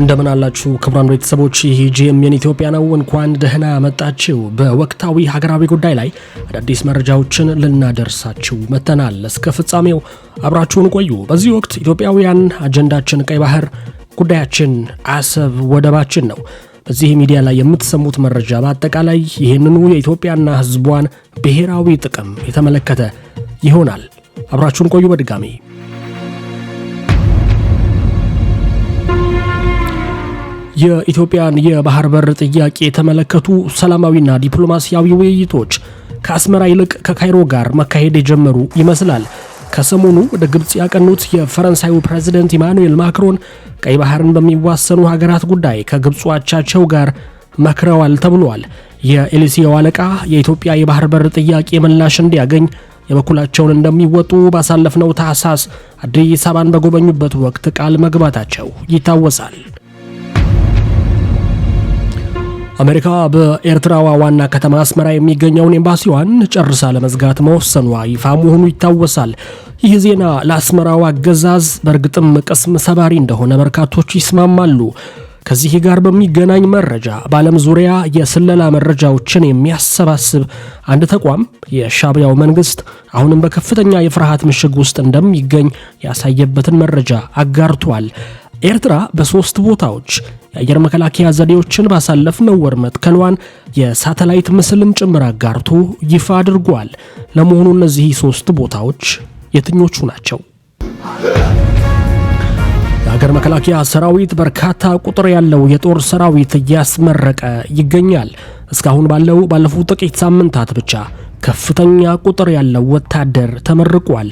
እንደምን አላችሁ ክቡራን ቤተሰቦች፣ ይህ ጂኤምኤን ኢትዮጵያ ነው። እንኳን ደህና መጣችሁ። በወቅታዊ ሀገራዊ ጉዳይ ላይ አዳዲስ መረጃዎችን ልናደርሳችሁ መጥተናል። እስከ ፍጻሜው አብራችሁን ቆዩ። በዚህ ወቅት ኢትዮጵያውያን አጀንዳችን ቀይ ባህር፣ ጉዳያችን አሰብ ወደባችን ነው። በዚህ ሚዲያ ላይ የምትሰሙት መረጃ በአጠቃላይ ይህንኑ የኢትዮጵያና ሕዝቧን ብሔራዊ ጥቅም የተመለከተ ይሆናል። አብራችሁን ቆዩ። በድጋሚ የኢትዮጵያን የባህር በር ጥያቄ የተመለከቱ ሰላማዊና ዲፕሎማሲያዊ ውይይቶች ከአስመራ ይልቅ ከካይሮ ጋር መካሄድ የጀመሩ ይመስላል። ከሰሞኑ ወደ ግብፅ ያቀኑት የፈረንሳዩ ፕሬዝደንት ኢማኑኤል ማክሮን ቀይ ባህርን በሚዋሰኑ ሀገራት ጉዳይ ከግብፁ አቻቸው ጋር መክረዋል ተብሏል። የኤሊሴው አለቃ የኢትዮጵያ የባህር በር ጥያቄ ምላሽ እንዲያገኝ የበኩላቸውን እንደሚወጡ ባሳለፍነው ታህሳስ አዲስ አበባን በጎበኙበት ወቅት ቃል መግባታቸው ይታወሳል። አሜሪካ በኤርትራዋ ዋና ከተማ አስመራ የሚገኘውን ኤምባሲዋን ጨርሳ ለመዝጋት መወሰኗ ይፋ መሆኑ ይታወሳል። ይህ ዜና ለአስመራው አገዛዝ በእርግጥም ቅስም ሰባሪ እንደሆነ በርካቶች ይስማማሉ። ከዚህ ጋር በሚገናኝ መረጃ በዓለም ዙሪያ የስለላ መረጃዎችን የሚያሰባስብ አንድ ተቋም የሻብያው መንግስት አሁንም በከፍተኛ የፍርሃት ምሽግ ውስጥ እንደሚገኝ ያሳየበትን መረጃ አጋርቷል። ኤርትራ በሶስት ቦታዎች የአየር መከላከያ ዘዴዎችን ባሳለፍነው ወር መትከሏን የሳተላይት ምስልም ጭምር አጋርቶ ይፋ አድርጓል። ለመሆኑ እነዚህ ሶስት ቦታዎች የትኞቹ ናቸው? የሀገር መከላከያ ሰራዊት በርካታ ቁጥር ያለው የጦር ሰራዊት እያስመረቀ ይገኛል። እስካሁን ባለው ባለፉት ጥቂት ሳምንታት ብቻ ከፍተኛ ቁጥር ያለው ወታደር ተመርቋል።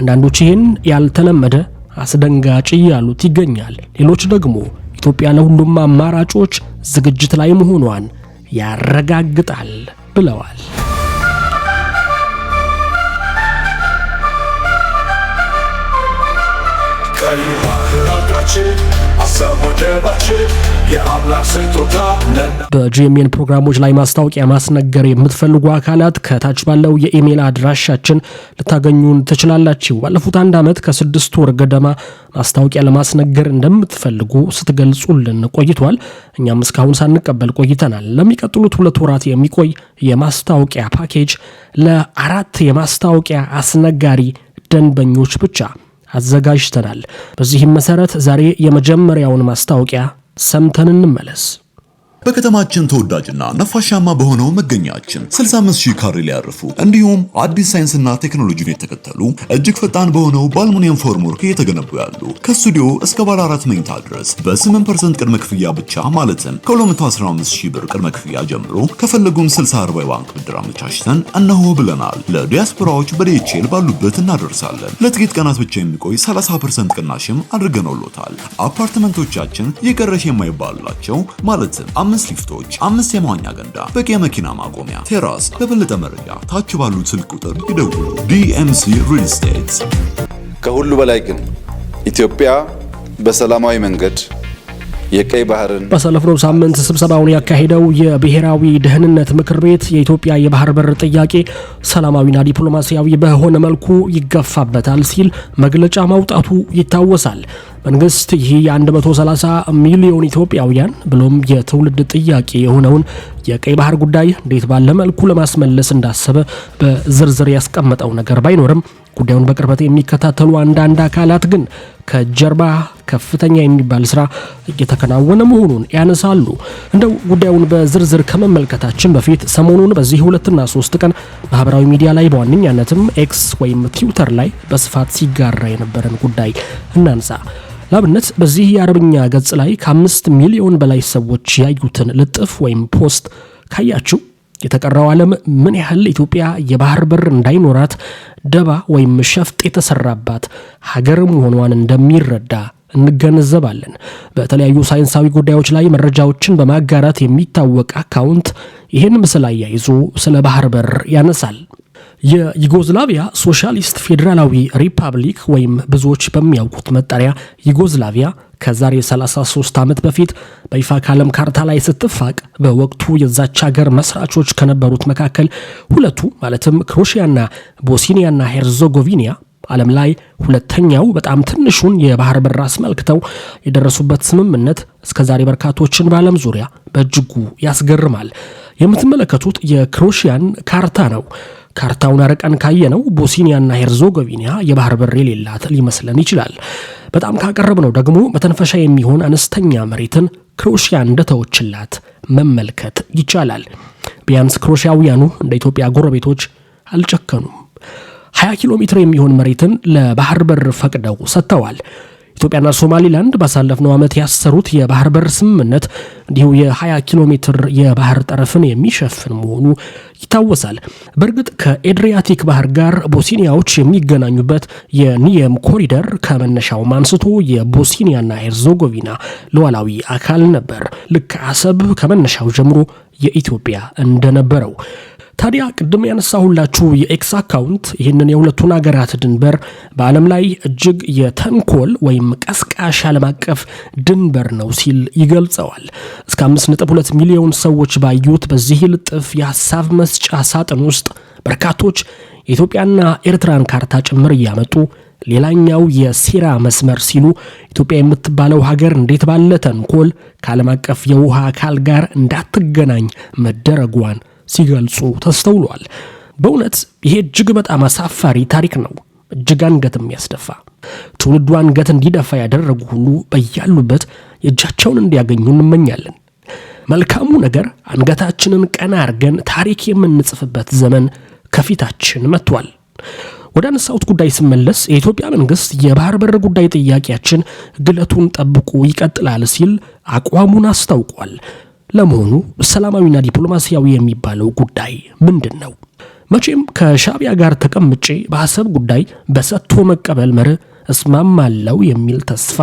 አንዳንዶች ይህን ያልተለመደ አስደንጋጭ እያሉት ይገኛል። ሌሎች ደግሞ ኢትዮጵያ ለሁሉም አማራጮች ዝግጅት ላይ መሆኗን ያረጋግጣል ብለዋል። በጂኤምኤን ፕሮግራሞች ላይ ማስታወቂያ ማስነገር የምትፈልጉ አካላት ከታች ባለው የኢሜይል አድራሻችን ልታገኙን ትችላላችሁ። ባለፉት አንድ ዓመት ከስድስት ወር ገደማ ማስታወቂያ ለማስነገር እንደምትፈልጉ ስትገልጹልን ቆይቷል። እኛም እስካሁን ሳንቀበል ቆይተናል። ለሚቀጥሉት ሁለት ወራት የሚቆይ የማስታወቂያ ፓኬጅ ለአራት የማስታወቂያ አስነጋሪ ደንበኞች ብቻ አዘጋጅተናል። በዚህም መሰረት ዛሬ የመጀመሪያውን ማስታወቂያ ሰምተን እንመለስ። በከተማችን ተወዳጅና ነፋሻማ በሆነው መገኛችን 65000 ካሬ ሊያርፉ እንዲሁም አዲስ ሳይንስና ቴክኖሎጂን የተከተሉ እጅግ ፈጣን በሆነው በአልሙኒየም ፎርምወርክ እየተገነቡ ያሉ ከስቱዲዮ እስከ ባለ አራት መኝታ ድረስ በ8% ቅድመ ክፍያ ብቻ ማለትም ከ215000 ብር ቅድመ ክፍያ ጀምሮ ከፈለጉም 60 40 ባንክ ብድር አመቻችተን እነሆ ብለናል። ለዲያስፖራዎች በዲኤችኤል ባሉበት እናደርሳለን። ለጥቂት ቀናት ብቻ የሚቆይ 30% ቅናሽም አድርገንሎታል። አፓርትመንቶቻችን የቀረሽ የማይባሉላቸው ማለትም አምስት ሊፍቶች፣ አምስት የመዋኛ ገንዳ፣ በቂ የመኪና ማቆሚያ፣ ቴራስ። ለበለጠ መረጃ ታች ባሉት ስልክ ቁጥር ይደውሉ። ዲኤምሲ ሪል ስቴት። ከሁሉ በላይ ግን ኢትዮጵያ በሰላማዊ መንገድ የቀይ ባህርን ባሳለፍነው ሳምንት ስብሰባውን ያካሄደው የብሔራዊ ደህንነት ምክር ቤት የኢትዮጵያ የባህር በር ጥያቄ ሰላማዊና ዲፕሎማሲያዊ በሆነ መልኩ ይገፋበታል ሲል መግለጫ ማውጣቱ ይታወሳል። መንግስት ይህ የ130 ሚሊዮን ኢትዮጵያውያን ብሎም የትውልድ ጥያቄ የሆነውን የቀይ ባህር ጉዳይ እንዴት ባለ መልኩ ለማስመለስ እንዳሰበ በዝርዝር ያስቀመጠው ነገር ባይኖርም ጉዳዩን በቅርበት የሚከታተሉ አንዳንድ አካላት ግን ከጀርባ ከፍተኛ የሚባል ስራ እየተከናወነ መሆኑን ያነሳሉ። እንደው ጉዳዩን በዝርዝር ከመመልከታችን በፊት ሰሞኑን በዚህ ሁለትና ሶስት ቀን ማህበራዊ ሚዲያ ላይ በዋነኛነትም ኤክስ ወይም ትዊተር ላይ በስፋት ሲጋራ የነበረን ጉዳይ እናንሳ። ላብነት በዚህ የአረብኛ ገጽ ላይ ከአምስት ሚሊዮን በላይ ሰዎች ያዩትን ልጥፍ ወይም ፖስት ካያችሁ የተቀረው ዓለም ምን ያህል ኢትዮጵያ የባህር በር እንዳይኖራት ደባ ወይም ሸፍጥ የተሰራባት ሀገር መሆኗን እንደሚረዳ እንገነዘባለን። በተለያዩ ሳይንሳዊ ጉዳዮች ላይ መረጃዎችን በማጋራት የሚታወቅ አካውንት ይህን ምስል አያይዞ ስለ ባህር በር ያነሳል። የዩጎዝላቪያ ሶሻሊስት ፌዴራላዊ ሪፐብሊክ ወይም ብዙዎች በሚያውቁት መጠሪያ ዩጎዝላቪያ ከዛሬ 33 ዓመት በፊት በይፋ ከዓለም ካርታ ላይ ስትፋቅ በወቅቱ የዛች ሀገር መስራቾች ከነበሩት መካከል ሁለቱ ማለትም ክሮሽያና ቦስኒያና ሄርዞጎቪኒያ ዓለም ላይ ሁለተኛው በጣም ትንሹን የባህር በር አስመልክተው የደረሱበት ስምምነት እስከዛሬ በርካቶችን በዓለም ዙሪያ በእጅጉ ያስገርማል። የምትመለከቱት የክሮሽያን ካርታ ነው። ካርታውን አርቀን ካየነው ቦስኒያና ሄርዞጎቪና የባህር በር የሌላት ሊመስለን ይችላል። በጣም ካቀረብነው ደግሞ መተንፈሻ የሚሆን አነስተኛ መሬትን ክሮኤሽያ እንደተወችላት መመልከት ይቻላል። ቢያንስ ክሮሽያውያኑ እንደ ኢትዮጵያ ጎረቤቶች አልጨከኑም። 20 ኪሎ ሜትር የሚሆን መሬትን ለባህር በር ፈቅደው ሰጥተዋል። ኢትዮጵያና ሶማሊላንድ ባሳለፍነው ዓመት ያሰሩት የባህር በር ስምምነት እንዲሁ የ20 ኪሎ ሜትር የባህር ጠረፍን የሚሸፍን መሆኑ ይታወሳል። በእርግጥ ከኤድሪያቲክ ባህር ጋር ቦስኒያዎች የሚገናኙበት የኒየም ኮሪደር ከመነሻውም አንስቶ የቦስኒያና ሄርዞጎቪና ሉዓላዊ አካል ነበር። ልክ አሰብ ከመነሻው ጀምሮ የኢትዮጵያ እንደነበረው ታዲያ ቅድም ያነሳሁላችሁ የኤክስ አካውንት ይህንን የሁለቱን ሀገራት ድንበር በዓለም ላይ እጅግ የተንኮል ወይም ቀስቃሽ ዓለም አቀፍ ድንበር ነው ሲል ይገልጸዋል። እስከ 5.2 ሚሊዮን ሰዎች ባዩት በዚህ ልጥፍ የሀሳብ መስጫ ሳጥን ውስጥ በርካቶች የኢትዮጵያና ኤርትራን ካርታ ጭምር እያመጡ ሌላኛው የሴራ መስመር ሲሉ ኢትዮጵያ የምትባለው ሀገር እንዴት ባለ ተንኮል ከዓለም አቀፍ የውሃ አካል ጋር እንዳትገናኝ መደረጓን ሲገልጹ ተስተውሏል። በእውነት ይሄ እጅግ በጣም አሳፋሪ ታሪክ ነው። እጅግ አንገት የሚያስደፋ ትውልዱ አንገት እንዲደፋ ያደረጉ ሁሉ በያሉበት የእጃቸውን እንዲያገኙ እንመኛለን። መልካሙ ነገር አንገታችንን ቀና አድርገን ታሪክ የምንጽፍበት ዘመን ከፊታችን መጥቷል። ወደ አነሳሁት ጉዳይ ስመለስ የኢትዮጵያ መንግስት የባህር በር ጉዳይ ጥያቄያችን ግለቱን ጠብቆ ይቀጥላል ሲል አቋሙን አስታውቋል። ለመሆኑ ሰላማዊና ዲፕሎማሲያዊ የሚባለው ጉዳይ ምንድን ነው? መቼም ከሻቢያ ጋር ተቀምጬ በሐሳብ ጉዳይ በሰጥቶ መቀበል መርህ እስማማለው የሚል ተስፋ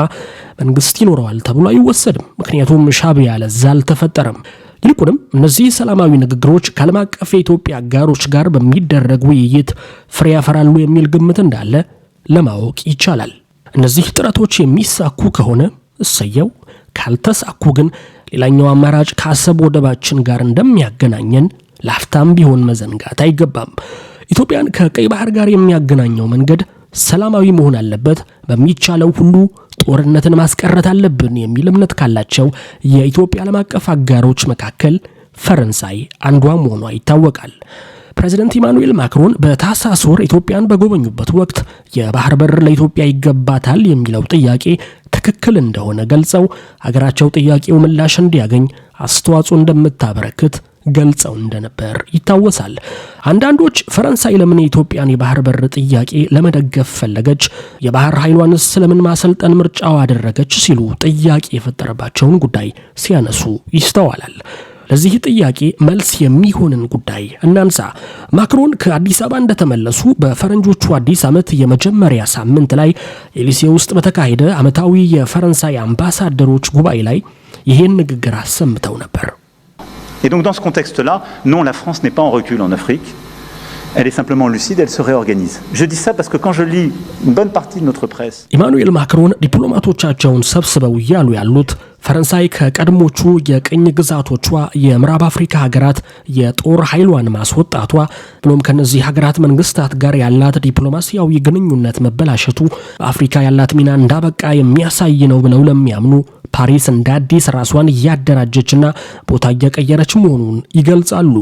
መንግስት ይኖረዋል ተብሎ አይወሰድም። ምክንያቱም ሻቢያ ለዛ አልተፈጠረም። ይልቁንም እነዚህ ሰላማዊ ንግግሮች ከዓለም አቀፍ የኢትዮጵያ አጋሮች ጋር በሚደረግ ውይይት ፍሬ ያፈራሉ የሚል ግምት እንዳለ ለማወቅ ይቻላል። እነዚህ ጥረቶች የሚሳኩ ከሆነ እሰየው፣ ካልተሳኩ ግን ሌላኛው አማራጭ ከአሰብ ወደባችን ጋር እንደሚያገናኘን ላፍታም ቢሆን መዘንጋት አይገባም። ኢትዮጵያን ከቀይ ባህር ጋር የሚያገናኘው መንገድ ሰላማዊ መሆን አለበት። በሚቻለው ሁሉ ጦርነትን ማስቀረት አለብን የሚል እምነት ካላቸው የኢትዮጵያ ዓለም አቀፍ አጋሮች መካከል ፈረንሳይ አንዷ መሆኗ ይታወቃል። ፕሬዚደንት ኢማኑኤል ማክሮን በታህሳስ ወር ኢትዮጵያን በጎበኙበት ወቅት የባህር በር ለኢትዮጵያ ይገባታል የሚለው ጥያቄ ትክክል እንደሆነ ገልጸው ሀገራቸው ጥያቄው ምላሽ እንዲያገኝ አስተዋጽኦ እንደምታበረክት ገልጸው እንደነበር ይታወሳል። አንዳንዶች ፈረንሳይ ለምን የኢትዮጵያን የባህር በር ጥያቄ ለመደገፍ ፈለገች? የባህር ኃይሏንስ ስለምን ማሰልጠን ምርጫው አደረገች? ሲሉ ጥያቄ የፈጠረባቸውን ጉዳይ ሲያነሱ ይስተዋላል። ለዚህ ጥያቄ መልስ የሚሆንን ጉዳይ እናንሳ። ማክሮን ከአዲስ አበባ እንደተመለሱ በፈረንጆቹ አዲስ ዓመት የመጀመሪያ ሳምንት ላይ ኤሊሴ ውስጥ በተካሄደ ዓመታዊ የፈረንሳይ አምባሳደሮች ጉባኤ ላይ ይህን ንግግር አሰምተው ነበር። Et donc dans ce contexte-là, non, la France n'est pas en recul en Afrique. elle est simplement lucide, elle se réorganise. Je dis ça parce que quand je lis une bonne partie de notre presse... ኢማኑኤል ማክሮን ዲፕሎማቶቻቸውን ሰብስበው እያሉ ያሉት ፈረንሳይ ከቀድሞቹ የቅኝ ግዛቶቿ የምዕራብ አፍሪካ ሀገራት የጦር ኃይሏን ማስወጣቷ ብሎም ከእነዚህ ሀገራት መንግስታት ጋር ያላት ዲፕሎማሲያዊ ግንኙነት መበላሸቱ በአፍሪካ ያላት ሚና እንዳበቃ የሚያሳይ ነው ብለው ለሚያምኑ ፓሪስ እንደ አዲስ ራሷን እያደራጀችና ቦታ እየቀየረች መሆኑን ይገልጻሉ።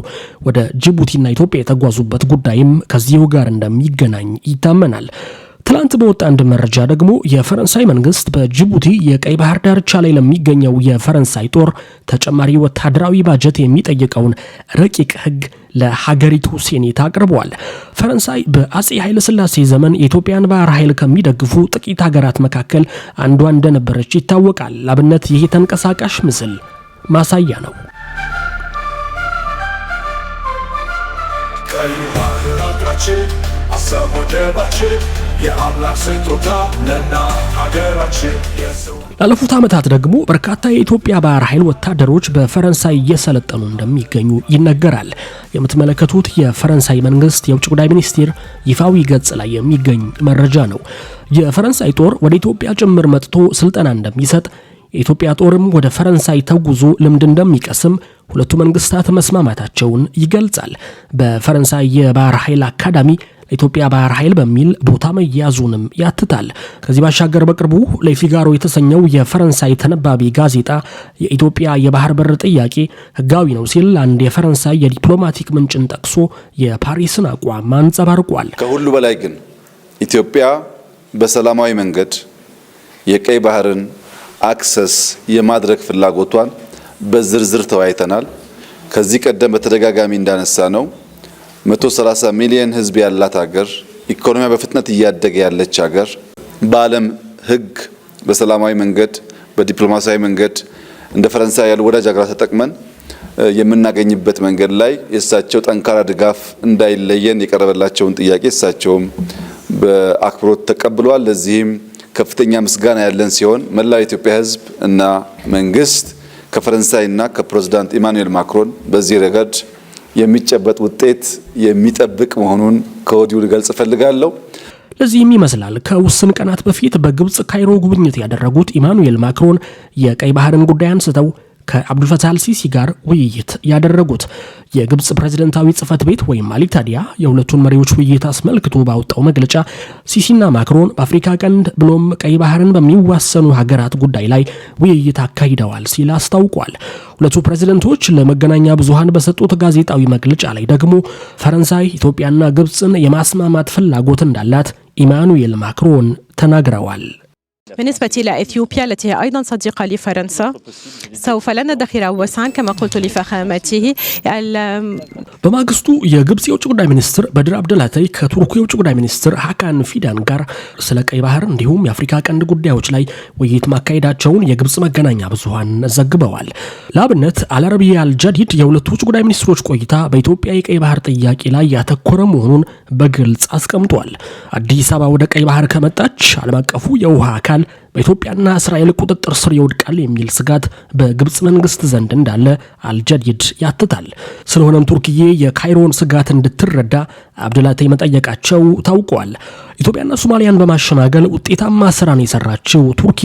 ወደ ጅቡቲና ኢትዮጵያ የተጓዙበት ጉዳይም ከዚሁ ጋር እንደሚገናኝ ይታመናል። ትላንት በወጣ አንድ መረጃ ደግሞ የፈረንሳይ መንግስት በጅቡቲ የቀይ ባህር ዳርቻ ላይ ለሚገኘው የፈረንሳይ ጦር ተጨማሪ ወታደራዊ ባጀት የሚጠይቀውን ረቂቅ ህግ ለሀገሪቱ ሴኔት አቅርበዋል። ፈረንሳይ በአጼ ኃይለስላሴ ዘመን የኢትዮጵያን ባህር ኃይል ከሚደግፉ ጥቂት ሀገራት መካከል አንዷ እንደነበረች ይታወቃል። ላብነት ይህ ተንቀሳቃሽ ምስል ማሳያ ነው። ቀዩ ሀገራችን አሰብ ወደባችን የአምላክ ስጦታ ነና ሀገራችን ላለፉት ዓመታት ደግሞ በርካታ የኢትዮጵያ ባህር ኃይል ወታደሮች በፈረንሳይ እየሰለጠኑ እንደሚገኙ ይነገራል። የምትመለከቱት የፈረንሳይ መንግስት የውጭ ጉዳይ ሚኒስቴር ይፋዊ ገጽ ላይ የሚገኝ መረጃ ነው። የፈረንሳይ ጦር ወደ ኢትዮጵያ ጭምር መጥቶ ስልጠና እንደሚሰጥ የኢትዮጵያ ጦርም ወደ ፈረንሳይ ተጉዞ ልምድ እንደሚቀስም ሁለቱ መንግስታት መስማማታቸውን ይገልጻል። በፈረንሳይ የባህር ኃይል አካዳሚ ለኢትዮጵያ ባህር ኃይል በሚል ቦታ መያዙንም ያትታል። ከዚህ ባሻገር በቅርቡ ለፊጋሮ የተሰኘው የፈረንሳይ ተነባቢ ጋዜጣ የኢትዮጵያ የባህር በር ጥያቄ ህጋዊ ነው ሲል አንድ የፈረንሳይ የዲፕሎማቲክ ምንጭን ጠቅሶ የፓሪስን አቋም አንጸባርቋል። ከሁሉ በላይ ግን ኢትዮጵያ በሰላማዊ መንገድ የቀይ ባህርን አክሰስ የማድረግ ፍላጎቷን በዝርዝር ተወያይተናል። ከዚህ ቀደም በተደጋጋሚ እንዳነሳ ነው 130 ሚሊዮን ህዝብ ያላት ሀገር፣ ኢኮኖሚያ በፍጥነት እያደገ ያለች ሀገር፣ በዓለም ህግ በሰላማዊ መንገድ በዲፕሎማሲያዊ መንገድ እንደ ፈረንሳይ ያሉ ወዳጅ ሀገራት ተጠቅመን የምናገኝበት መንገድ ላይ የእሳቸው ጠንካራ ድጋፍ እንዳይለየን የቀረበላቸውን ጥያቄ እሳቸውም በአክብሮት ተቀብለዋል። ለዚህም ከፍተኛ ምስጋና ያለን ሲሆን መላው የኢትዮጵያ ህዝብ እና መንግስት ከፈረንሳይና ከፕሬዚዳንት ኢማኑኤል ማክሮን በዚህ ረገድ የሚጨበጥ ውጤት የሚጠብቅ መሆኑን ከወዲሁ ልገልጽ እፈልጋለሁ። ለዚህም ይመስላል ከውስን ቀናት በፊት በግብፅ ካይሮ ጉብኝት ያደረጉት ኢማኑኤል ማክሮን የቀይ ባህርን ጉዳይ አንስተው ከአብዱልፈታህ አልሲሲ ጋር ውይይት ያደረጉት። የግብፅ ፕሬዝደንታዊ ጽህፈት ቤት ወይም አሊታዲያ የሁለቱን መሪዎች ውይይት አስመልክቶ ባወጣው መግለጫ ሲሲና ማክሮን በአፍሪካ ቀንድ ብሎም ቀይ ባህርን በሚዋሰኑ ሀገራት ጉዳይ ላይ ውይይት አካሂደዋል ሲል አስታውቋል። ሁለቱ ፕሬዝደንቶች ለመገናኛ ብዙሃን በሰጡት ጋዜጣዊ መግለጫ ላይ ደግሞ ፈረንሳይ ኢትዮጵያና ግብፅን የማስማማት ፍላጎት እንዳላት ኢማኑኤል ማክሮን ተናግረዋል። بالنسبة إلى إثيوبيا التي هي أيضا صديقة لفرنسا سوف لا ندخر وسعا كما قلت لفخامته በማግስቱ የግብፅ የውጭ ጉዳይ ሚኒስትር በድር አብደላተይ ከቱርኩ የውጭ ጉዳይ ሚኒስትር ሀካን ፊዳን ጋር ስለ ቀይ ባህር እንዲሁም የአፍሪካ ቀንድ ጉዳዮች ላይ ውይይት ማካሄዳቸውን የግብፅ መገናኛ ብዙኃን ዘግበዋል። ለአብነት አልአረቢያ አልጀዲድ የሁለቱ ውጭ ጉዳይ ሚኒስትሮች ቆይታ በኢትዮጵያ የቀይ ባህር ጥያቄ ላይ ያተኮረ መሆኑን በግልጽ አስቀምጧል። አዲስ አበባ ወደ ቀይ ባህር ከመጣች ዓለም አቀፉ የውሃ አካል አካል በኢትዮጵያና እስራኤል ቁጥጥር ስር ይወድቃል የሚል ስጋት በግብፅ መንግስት ዘንድ እንዳለ አልጀዲድ ያትታል። ስለሆነም ቱርክዬ የካይሮን ስጋት እንድትረዳ አብደላቴ መጠየቃቸው ታውቋል። ኢትዮጵያና ሶማሊያን በማሸማገል ውጤታማ ስራን የሰራችው ቱርኬ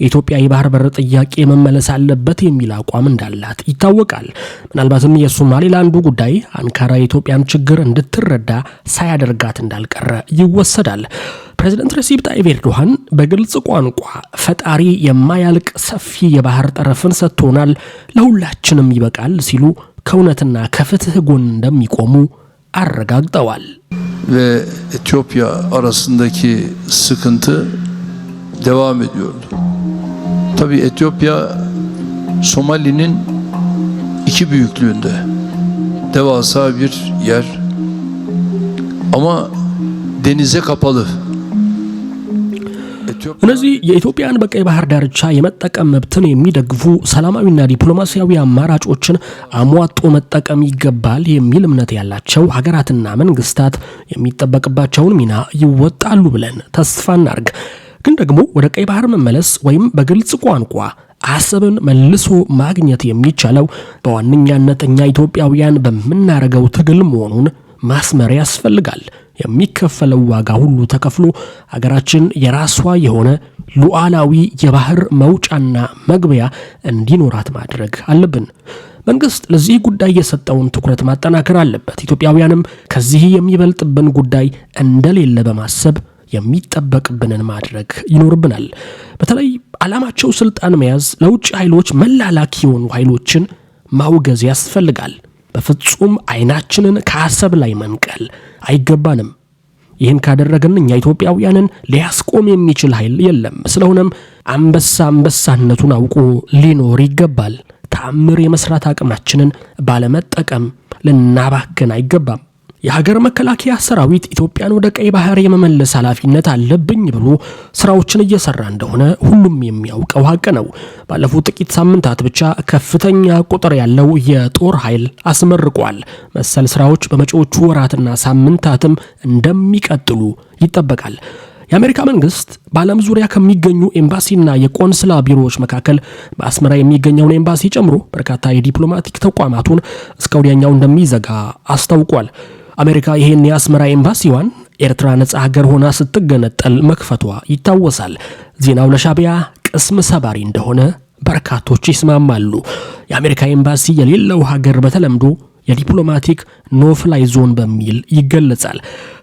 የኢትዮጵያ የባህር በር ጥያቄ መመለስ አለበት የሚል አቋም እንዳላት ይታወቃል። ምናልባትም የሶማሌላንዱ ጉዳይ አንካራ የኢትዮጵያን ችግር እንድትረዳ ሳያደርጋት እንዳልቀረ ይወሰዳል። ፕሬዚደንት ሬሲፕ ጣይብ ኤርዶሃን በግልጽ ቋንቋ ፈጣሪ የማያልቅ ሰፊ የባህር ጠረፍን ሰጥቶናል፣ ለሁላችንም ይበቃል ሲሉ ከእውነትና ከፍትህ ጎን እንደሚቆሙ አረጋግጠዋል። በኢትዮጵያ አራስንዳኪ ስክንት devam ediyordu. Tabi Etiyopya Somali'nin iki büyüklüğünde devasa bir yer ama denize kapalı እነዚህ የኢትዮጵያን በቀይ ባህር ዳርቻ የመጠቀም መብትን የሚደግፉ ሰላማዊና ዲፕሎማሲያዊ አማራጮችን አሟጦ መጠቀም ይገባል የሚል እምነት ያላቸው ሀገራትና መንግስታት የሚጠበቅባቸውን ሚና ይወጣሉ ብለን ተስፋ እናርግ። ግን ደግሞ ወደ ቀይ ባህር መመለስ ወይም በግልጽ ቋንቋ አሰብን መልሶ ማግኘት የሚቻለው በዋነኛነት እኛ ኢትዮጵያውያን በምናደርገው ትግል መሆኑን ማስመር ያስፈልጋል። የሚከፈለው ዋጋ ሁሉ ተከፍሎ አገራችን የራሷ የሆነ ሉዓላዊ የባህር መውጫና መግቢያ እንዲኖራት ማድረግ አለብን። መንግስት ለዚህ ጉዳይ የሰጠውን ትኩረት ማጠናከር አለበት። ኢትዮጵያውያንም ከዚህ የሚበልጥብን ጉዳይ እንደሌለ በማሰብ የሚጠበቅብንን ማድረግ ይኖርብናል። በተለይ አላማቸው ስልጣን መያዝ፣ ለውጭ ኃይሎች መላላክ የሆኑ ኃይሎችን ማውገዝ ያስፈልጋል። በፍጹም አይናችንን ከአሰብ ላይ መንቀል አይገባንም። ይህን ካደረግን እኛ ኢትዮጵያውያንን ሊያስቆም የሚችል ኃይል የለም። ስለሆነም አንበሳ አንበሳነቱን አውቆ ሊኖር ይገባል። ተአምር የመስራት አቅማችንን ባለመጠቀም ልናባክን አይገባም። የሀገር መከላከያ ሰራዊት ኢትዮጵያን ወደ ቀይ ባህር የመመለስ ኃላፊነት አለብኝ ብሎ ስራዎችን እየሰራ እንደሆነ ሁሉም የሚያውቀው ሀቅ ነው። ባለፉት ጥቂት ሳምንታት ብቻ ከፍተኛ ቁጥር ያለው የጦር ኃይል አስመርቋል። መሰል ስራዎች በመጪዎቹ ወራትና ሳምንታትም እንደሚቀጥሉ ይጠበቃል። የአሜሪካ መንግስት በዓለም ዙሪያ ከሚገኙ ኤምባሲና የቆንስላ ቢሮዎች መካከል በአስመራ የሚገኘውን ኤምባሲ ጨምሮ በርካታ የዲፕሎማቲክ ተቋማቱን እስከ ወዲያኛው እንደሚዘጋ አስታውቋል። አሜሪካ ይህን የአስመራ ኤምባሲዋን ኤርትራ ነጻ ሀገር ሆና ስትገነጠል መክፈቷ ይታወሳል። ዜናው ለሻቢያ ቅስም ሰባሪ እንደሆነ በርካቶች ይስማማሉ። የአሜሪካ ኤምባሲ የሌለው ሀገር በተለምዶ የዲፕሎማቲክ ኖፍላይ ዞን በሚል ይገለጻል።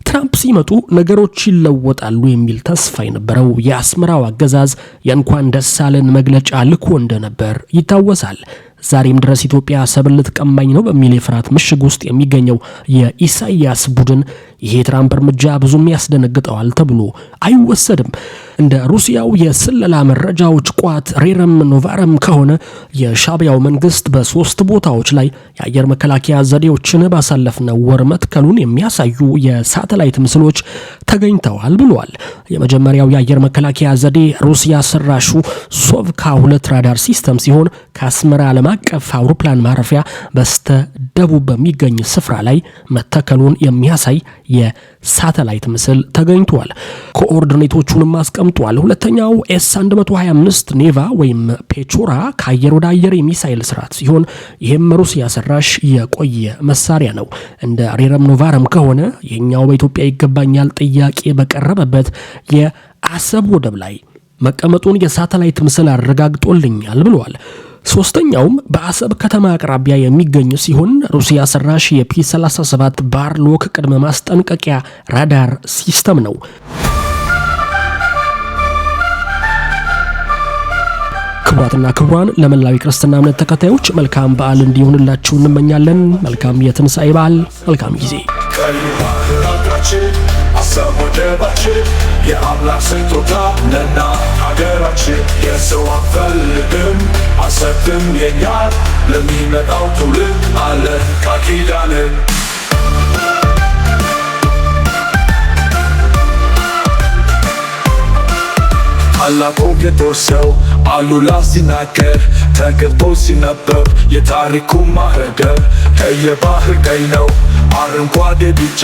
ትራምፕ ሲመጡ ነገሮች ይለወጣሉ የሚል ተስፋ የነበረው የአስመራው አገዛዝ የእንኳን ደሳለን መግለጫ ልኮ እንደነበር ይታወሳል። ዛሬም ድረስ ኢትዮጵያ ሰብል ልትቀማኝ ነው በሚል የፍርሃት ምሽግ ውስጥ የሚገኘው የኢሳያስ ቡድን ይሄ የትራምፕ እርምጃ ብዙም ያስደነግጠዋል ተብሎ አይወሰድም። እንደ ሩሲያው የስለላ መረጃዎች ቋት፣ ሬረም፣ ኖቫረም ከሆነ የሻቢያው መንግስት በሶስት ቦታዎች ላይ የአየር መከላከያ ዘዴዎችን ባሳለፍነው ወር መትከሉን የሚያሳዩ የሳተላይት ምስሎች ተገኝተዋል ብሏል። የመጀመሪያው የአየር መከላከያ ዘዴ ሩሲያ ሰራሹ ሶቭካ ሁለት ራዳር ሲስተም ሲሆን ከአስመራ ዓለም አቀፍ አውሮፕላን ማረፊያ በስተ ደቡብ በሚገኝ ስፍራ ላይ መተከሉን የሚያሳይ የሳተላይት ምስል ተገኝቷል። ኮኦርዲኔቶቹንም አስቀምጧል። ሁለተኛው ኤስ 125 ኔቫ ወይም ፔቾራ ከአየር ወደ አየር የሚሳይል ስርዓት ሲሆን ይህም ሩሲያ ሰራሽ የቆየ መሳሪያ ነው። እንደ ሬረም ኖቫረም ከሆነ ይህኛው በኢትዮጵያ ይገባኛል ጥያቄ በቀረበበት የአሰብ ወደብ ላይ መቀመጡን የሳተላይት ምስል አረጋግጦልኛል ብለዋል። ሶስተኛውም በአሰብ ከተማ አቅራቢያ የሚገኝ ሲሆን ሩሲያ ሰራሽ የፒ37 ባርሎክ ቅድመ ማስጠንቀቂያ ራዳር ሲስተም ነው። ክቡራትና ክቡራን ለመላዊ ክርስትና እምነት ተከታዮች መልካም በዓል እንዲሆንላችሁ እንመኛለን። መልካም የትንሣኤ በዓል፣ መልካም ጊዜ። አሰብ የአምላክ ስጦታ ነና ትም የኛል ለሚመጣው ትውልድ አለ ቃኪዳን ታላቁ የጦር ሰው አሉላ ሲናገር ተገብቶ ሲነበብ የታሪኩ ማህደር ከየባህር ቀይ ነው አረንጓዴ ቢጫ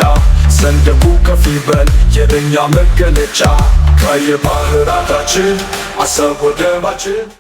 ሰንደቡ ከፍ ይበል የእኛ መገለጫ ከየባህራታችን አሰብ ወደባችን